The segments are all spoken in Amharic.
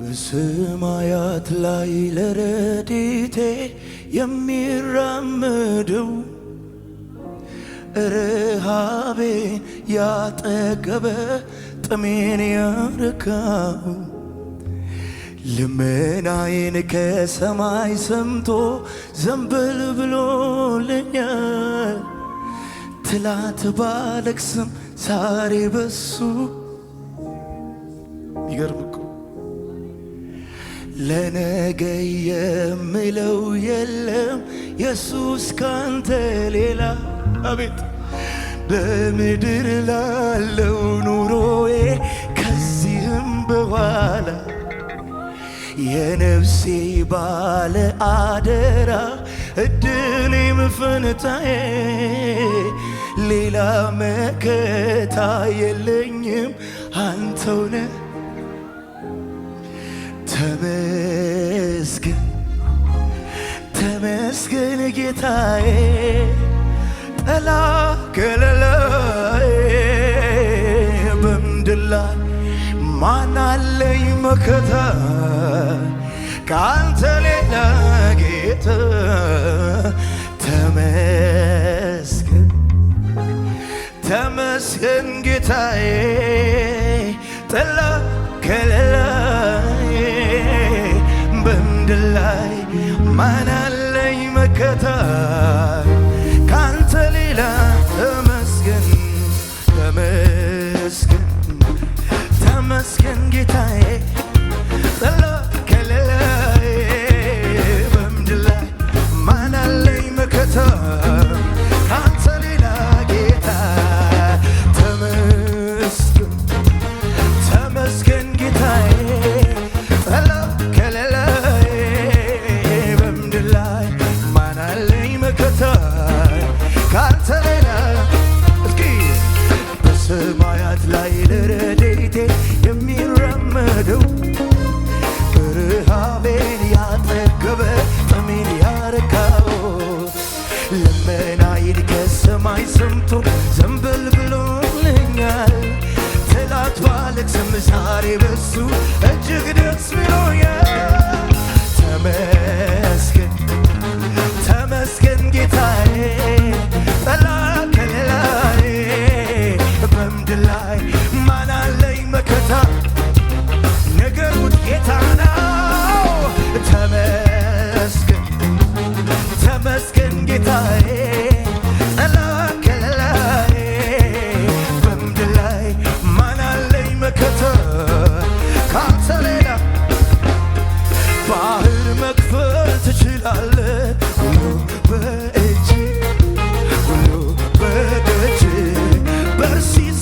በሰማያት ላይ ለረዴቴ የሚራመደው ርሃቤን ያጠገበ ጥሜን ያርካው ልመናዬን ከሰማይ ሰምቶ ዘንበል ብሎልኛል። ትላት ባለቅስም ዛሬ በሱ ይገርም ለነገ የምለው የለም ኢየሱስ ካንተ ሌላ አቤት በምድር ላለው ኑሮዬ ከዚህም በኋላ የነፍሴ ባለ አደራ እድሌም ፈንታዬ ሌላ መከታ የለኝም አንተውነህ ተመስገን ተመስገን ጌታዬ ጠላ ከለላዬ በምድር ላይ ማናለኝ መከታ ከአንተ ሌላ ጌታ ተመስገን ተመስገን ጌታዬ ጠላ ከለላ ማናለኝ መከታ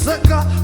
ዘጋ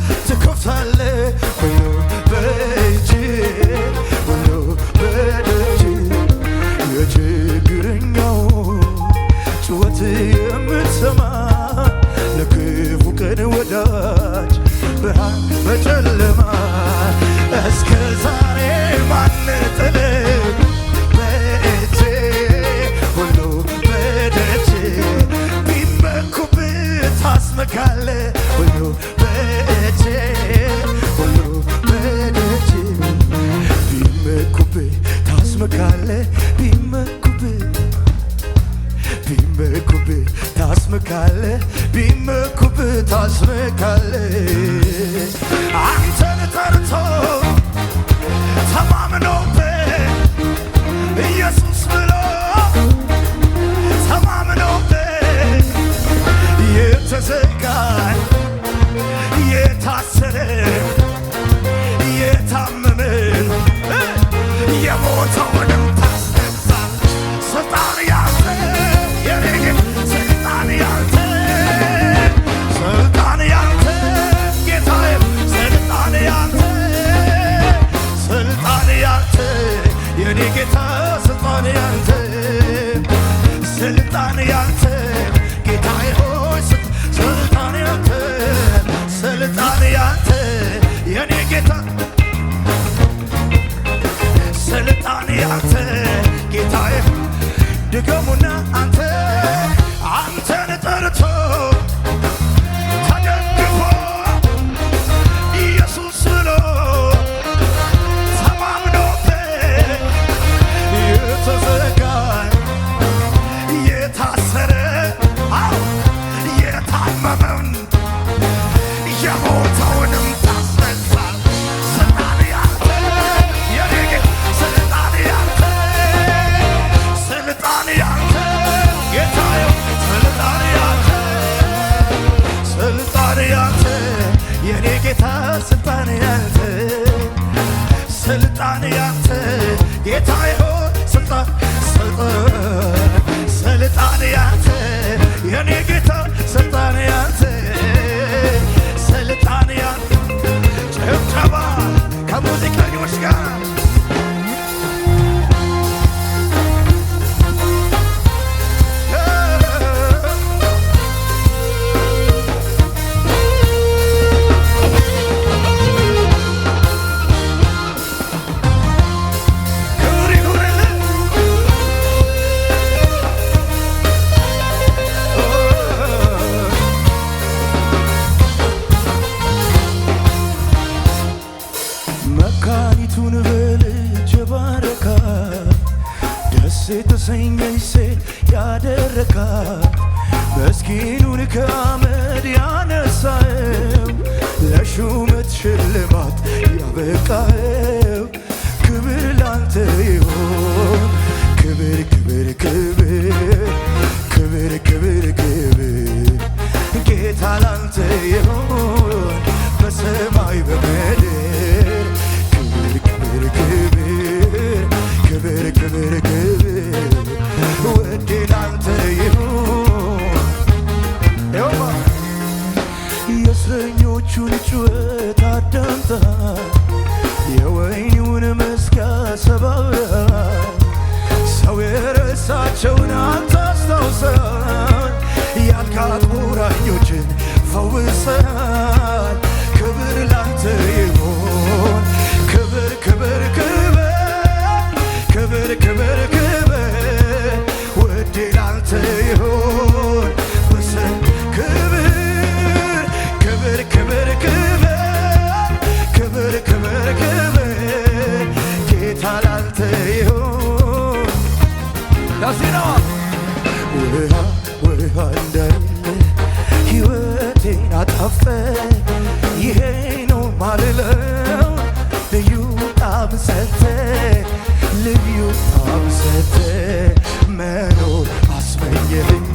ከአመድ ያነሳው ለሹመት ሽልማት ያበቃ always said ተገለጸ። ይሄ ነው ማልለው ልዩ ጣም ሰተ ልዩ ጣም ሰተ መኖር አስበየልኝ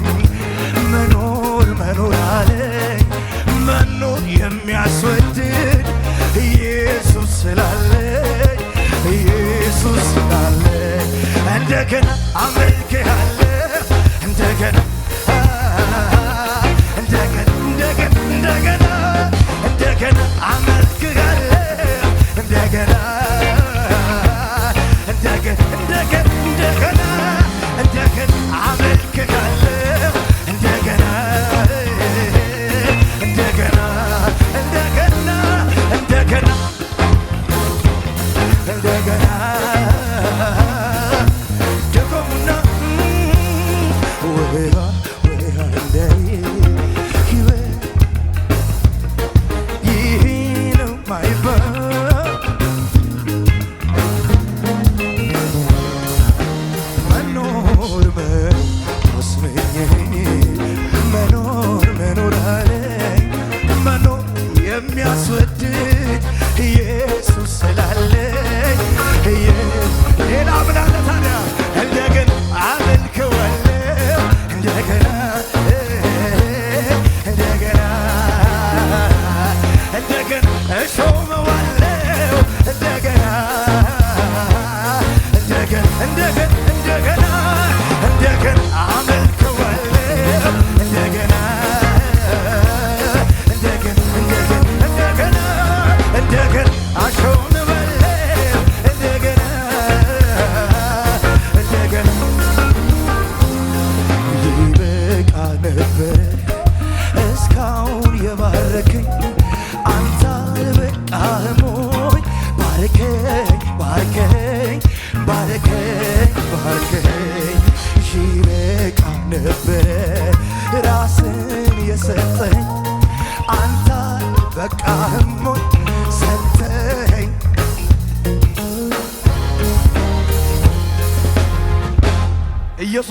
መኖር መኖር አለኝ መኖር የሚያስወድድ ኢየሱስ ስላለ ኢየሱስ ስላለ እንደገና አመን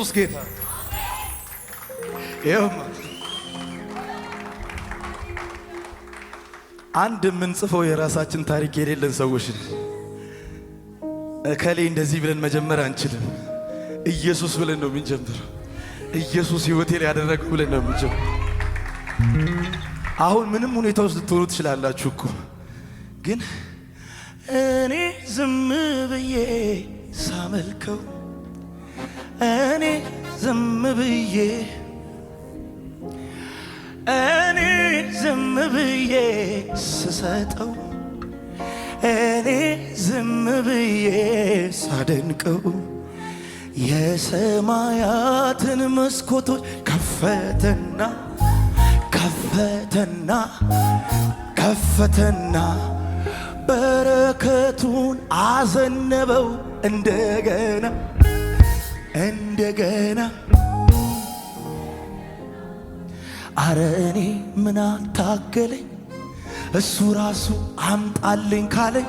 ኢየሱስ ጌታ ይኸውም አንድ የምንጽፈው የራሳችን ታሪክ የሌለን ሰዎች እከሌ እንደዚህ ብለን መጀመር አንችልም። ኢየሱስ ብለን ነው የምንጀምረው። ኢየሱስ ሕይወቴ ላይ ያደረገው ብለን ነው የምንጀምረው። አሁን ምንም ሁኔታ ውስጥ ልትሆኑ ትችላላችሁ እኮ ግን እኔ ዝም ብዬ ሳመልከው እኔ ዝም ብዬ እኔ ዝም ብዬ ስሰጠው እኔ ዝም ብዬ ሳደንቀው የሰማያትን መስኮቶች ከፈተና ከፈተና ከፈተና በረከቱን አዘነበው እንደገና እንደገና አረ እኔ ምን አታገለኝ እሱ ራሱ አምጣልኝ ካለኝ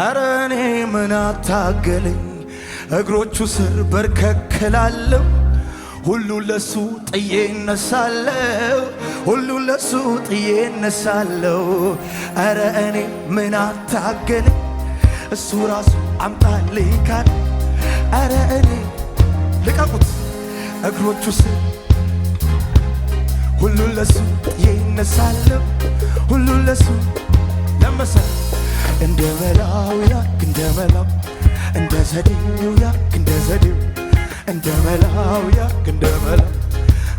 አረ እኔ ምን አታገለኝ እግሮቹ ስር በርከክላለሁ ሁሉን ለሱ ጥዬ እነሳለሁ ሁሉን ለሱ ጥዬ እነሳለሁ አረ እኔ ምን አታገለኝ እሱ ራሱ አምጣልኝ ካለኝ አረ እኔ ልቀቁት እግሮቹ ስር ሁሉን ለሱ ጥዬ ይነሳለሁ ሁሉን ለሱ ለመሰ እንደ መላው ያክ እንደ መላው እንደ ዘዴው ያክ እንደ ዘዴው እንደ መላው ያክ እንደ መላው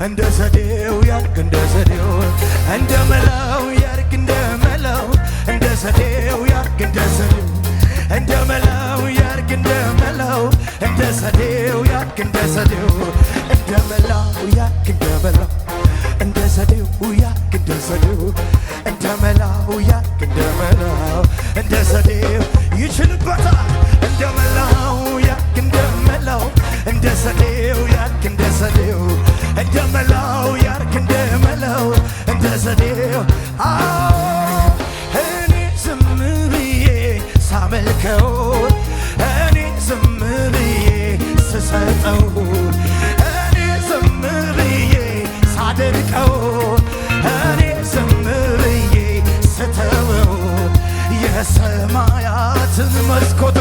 እንደ ዘዴው ያክ እንደ ዘዴው altın maskot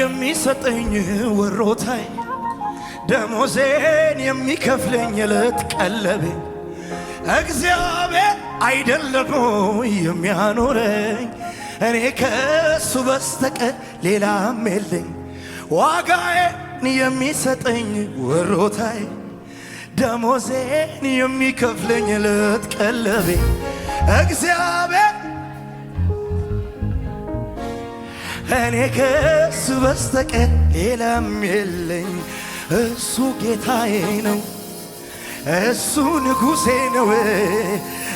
የሚሰጠኝ ወሮታይ ደሞዜን የሚከፍለኝ እለት ቀለቤ እግዚአብሔር አይደለም የሚያኖረኝ እኔ ከእሱ በስተቀር ሌላም የለኝ። ዋጋዬን የሚሰጠኝ ወሮታይ ደሞዜን የሚከፍለኝ እለት ቀለቤ እግዚአብሔር እኔ ከሱ በስተቀር ሌላም የለኝ። እሱ ጌታዬ ነው፣ እሱ ንጉሴ ነው፣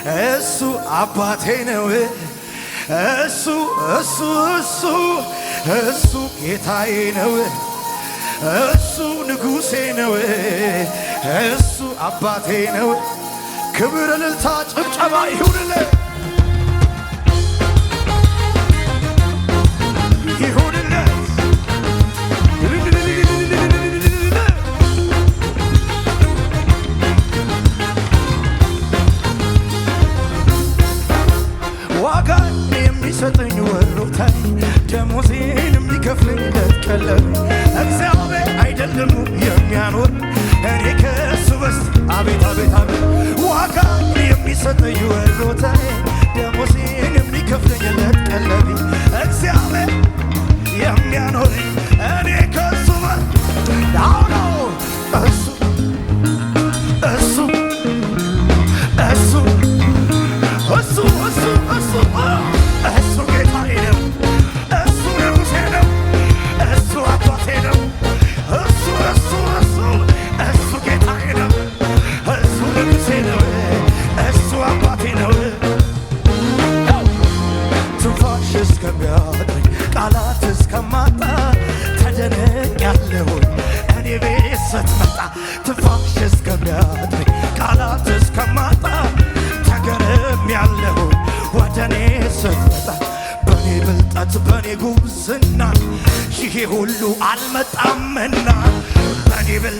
እሱ አባቴ ነው። እሱ እሱ እሱ እሱ ጌታዬ ነው፣ እሱ ንጉሴ ነው፣ እሱ አባቴ ነው። ክብር፣ ልልታ ጭብጨባ ይሁንልን። የሚሰጥኝ ወሮታል ደሞዜን የሚከፍልለት ቀለብ እግዚአብሔር አይደለም የሚያኖር እኔ ከእሱ በስ አቤት አቤት አቤት ዋጋ የሚሰጠኝ ወሮታል ደሞዜን የሚከፍልለት ቀለብ እግዚአብሔር የሚያኖር እኔ ከእሱ በስ አሁነው እሱ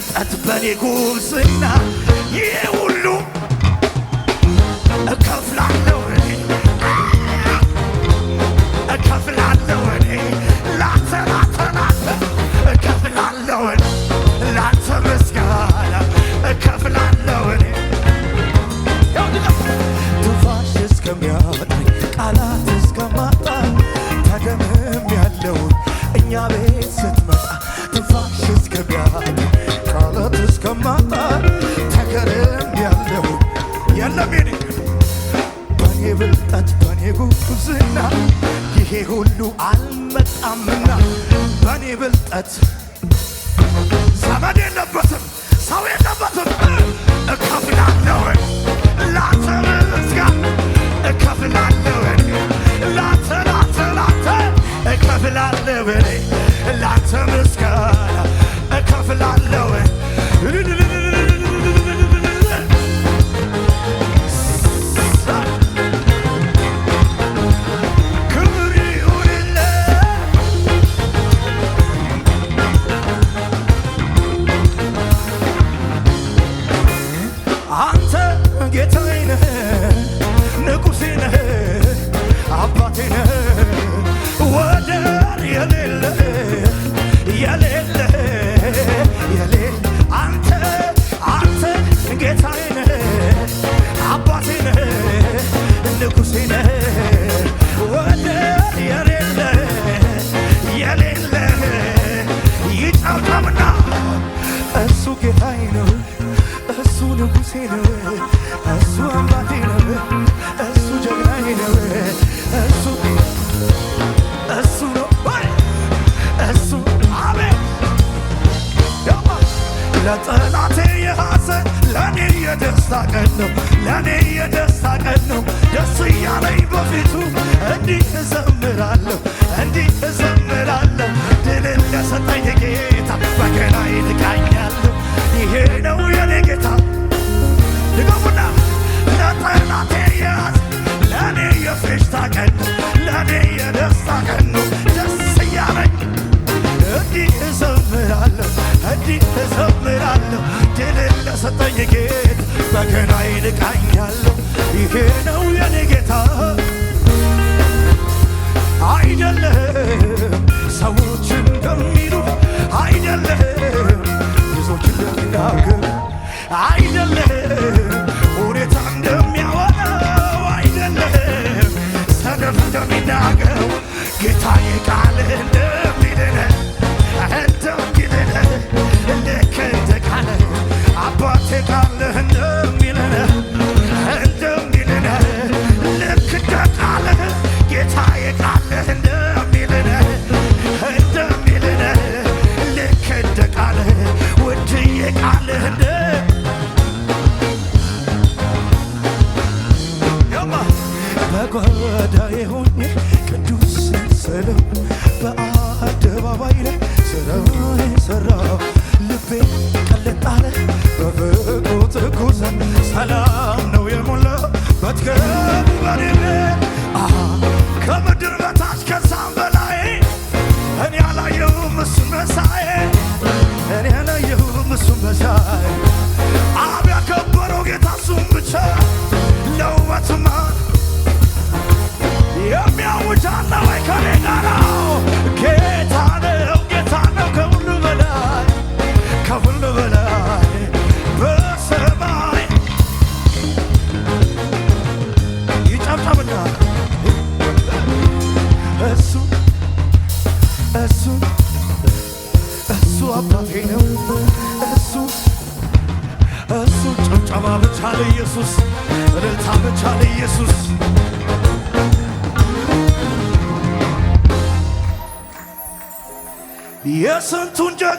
ጸጥ በኔ ጉብዝና ይህ ሁሉ even at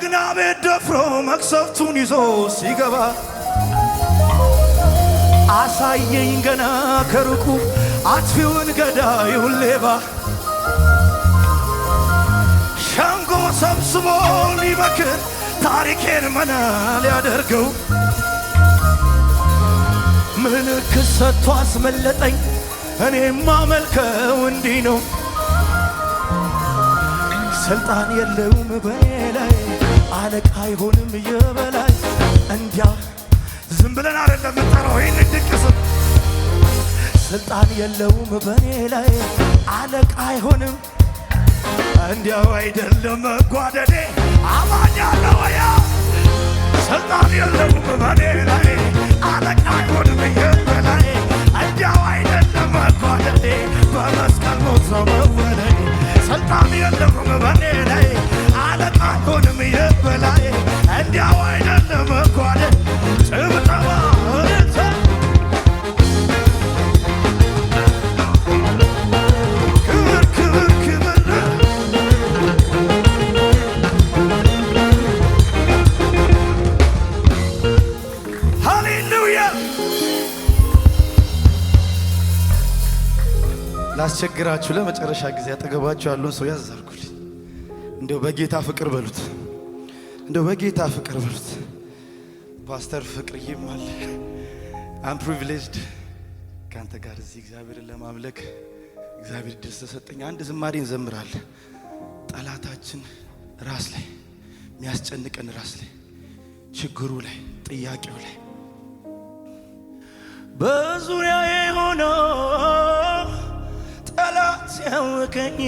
ጀግና ቤት ደፍሮ መቅሰፍቱን ይዞ ሲገባ አሳየኝ ገና ከሩቁ አጥፊውን ገዳዩን ሌባ ሸንጎ ሰብስቦ ሊመክር ታሪኬን መና ሊያደርገው ምልክት ሰጥቶ አስመለጠኝ። እኔ ማመልከው እንዲህ ነው። ስልጣን የለውም በላይ አለቃ አይሆንም የበላይ እንዲያ ዝም ብለን አይደለም የምንጠራው። ይህን ድንቅ ስም ስልጣን የለውም በእኔ ላይ አለቃ አይሆንም እንዲያው አይደለም መጓደዴ አማኝ አለወያ ስልጣን የለውም በእኔ ላይ አለቃ አይሆንም የበላይ እንዲያው አይደለም መጓደዴ በመስቀል ሞት ነው መወለዴ ስልጣን የለውም በእኔ ላይ አለቃ አይሆንም የበላይ ላስቸግራችሁ ለመጨረሻ ጊዜ አጠገባችሁ ያለውን ሰው ያዛልኩልኝ እንደው በጌታ ፍቅር በሉት እንደው በጌታ ፍቅር ብሉት ፓስተር ፍቅር ይማል አም ፕሪቪሌጅድ ከአንተ ጋር እዚህ እግዚአብሔርን ለማምለክ እግዚአብሔር ድል ተሰጠኝ። አንድ ዝማሬ እንዘምራለን። ጠላታችን ራስ ላይ የሚያስጨንቀን ራስ ላይ ችግሩ ላይ ጥያቄው ላይ በዙሪያ የሆነው ጠላት ሲያወከኝ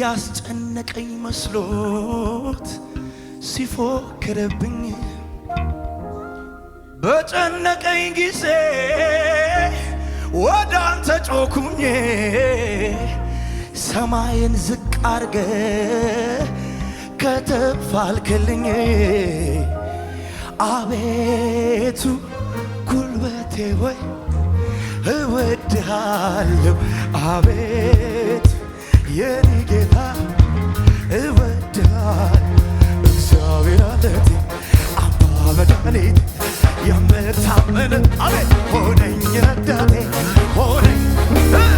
ያስጨነቀኝ መስሎት ሲፎክርብኝ በጨነቀኝ ጊዜ ወደ አንተ ጮኩኝ። ሰማይን ዝቅ አርገ ከተፋልክልኝ አቤቱ ጉልበቴ ወይ እወድሃለሁ አቤ የኔ ጌታ እወድሃል እግዚአብሔር አለቴ አባ መድኃኒቴ የምታምን አቤት ሆነኝ ረዳቴ ሆነኝ